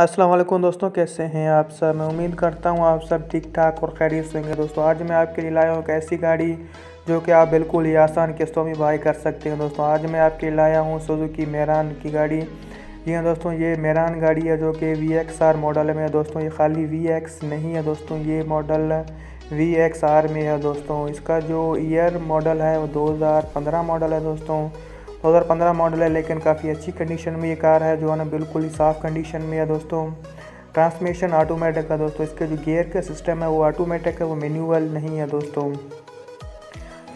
अस्सलाम वालेकुम दोस्तों कैसे हैं आप सब मैं उम्मीद करता हूँ आप सब ठीक ठाक और खैरियत से होंगे दोस्तों आज मैं आपके लिए लाया हूँ एक ऐसी गाड़ी जो कि आप बिल्कुल ही आसान किस्तों में बाई कर सकते हैं दोस्तों आज मैं आपके लिए लाया हूँ सुजुकी मेरान की गाड़ी जी हाँ दोस्तों ये मेरान गाड़ी है जो कि वी एक्स आर मॉडल में है दोस्तों ये खाली वी एक्स नहीं है दोस्तों ये मॉडल वी एक्स आर में है दोस्तों इसका जो ईयर मॉडल है वो दो हज़ार पंद्रह मॉडल है दोस्तों 2015 मॉडल है लेकिन काफ़ी अच्छी कंडीशन में ये कार है जो है ना बिल्कुल ही साफ़ कंडीशन में है दोस्तों ट्रांसमिशन ऑटोमेटिक है दोस्तों इसके जो गियर का सिस्टम है वो ऑटोमेटिक है वो मेन्यूअल नहीं है दोस्तों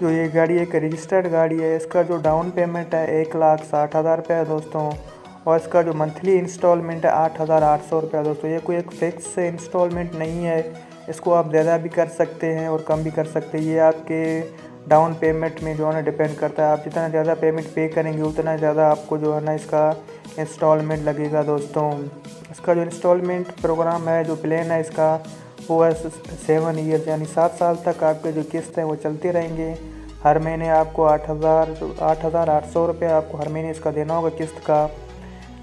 जो ये गाड़ी एक रजिस्टर्ड गाड़ी है इसका जो डाउन पेमेंट है एक लाख साठ हज़ार रुपये है दोस्तों और इसका जो मंथली इंस्टॉलमेंट है आठ हज़ार आठ सौ रुपये दोस्तों ये कोई एक फिक्स इंस्टॉलमेंट नहीं है इसको आप ज़्यादा भी कर सकते हैं और कम भी कर सकते हैं ये आपके डाउन पेमेंट में जो है ना डिपेंड करता है आप जितना ज़्यादा पेमेंट पे करेंगे उतना ज़्यादा आपको जो है ना इसका इंस्टॉलमेंट लगेगा दोस्तों इसका जो इंस्टॉलमेंट प्रोग्राम है जो प्लान है इसका वो है सेवन ईयर यानी सात साल तक आपके जो किस्त हैं वो चलते रहेंगे हर महीने आपको आठ हज़ार आठ हज़ार आठ सौ रुपये आपको हर महीने इसका देना होगा किस्त का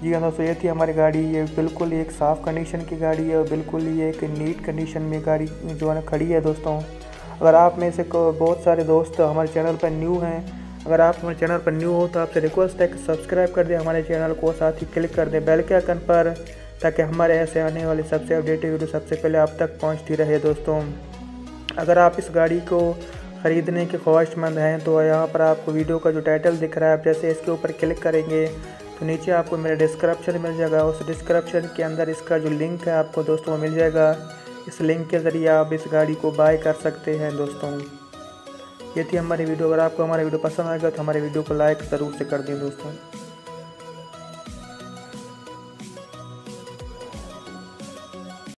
जी हाँ दोस्तों ये थी हमारी गाड़ी ये बिल्कुल एक साफ़ कंडीशन की गाड़ी है और बिल्कुल ही एक नीट कंडीशन में गाड़ी जो है ना खड़ी है दोस्तों अगर आप में से बहुत सारे दोस्त हमारे चैनल पर न्यू हैं अगर आप हमारे चैनल पर न्यू हो तो आपसे रिक्वेस्ट है कि सब्सक्राइब कर दें हमारे चैनल को साथ ही क्लिक कर दें बेल के आइकन पर ताकि हमारे ऐसे आने वाले सबसे अपडेटेड वीडियो सबसे पहले आप तक पहुंचती रहे दोस्तों अगर आप इस गाड़ी को ख़रीदने के ख्वाहिशमंद हैं तो यहाँ पर आपको वीडियो का जो टाइटल दिख रहा है आप जैसे इसके ऊपर क्लिक करेंगे तो नीचे आपको मेरा डिस्क्रिप्शन मिल जाएगा उस डिस्क्रिप्शन के अंदर इसका जो लिंक है आपको दोस्तों मिल जाएगा इस लिंक के ज़रिए आप इस गाड़ी को बाय कर सकते हैं दोस्तों ये थी हमारी वीडियो अगर आपको हमारा वीडियो पसंद आएगा तो हमारे वीडियो को लाइक ज़रूर से कर दें दोस्तों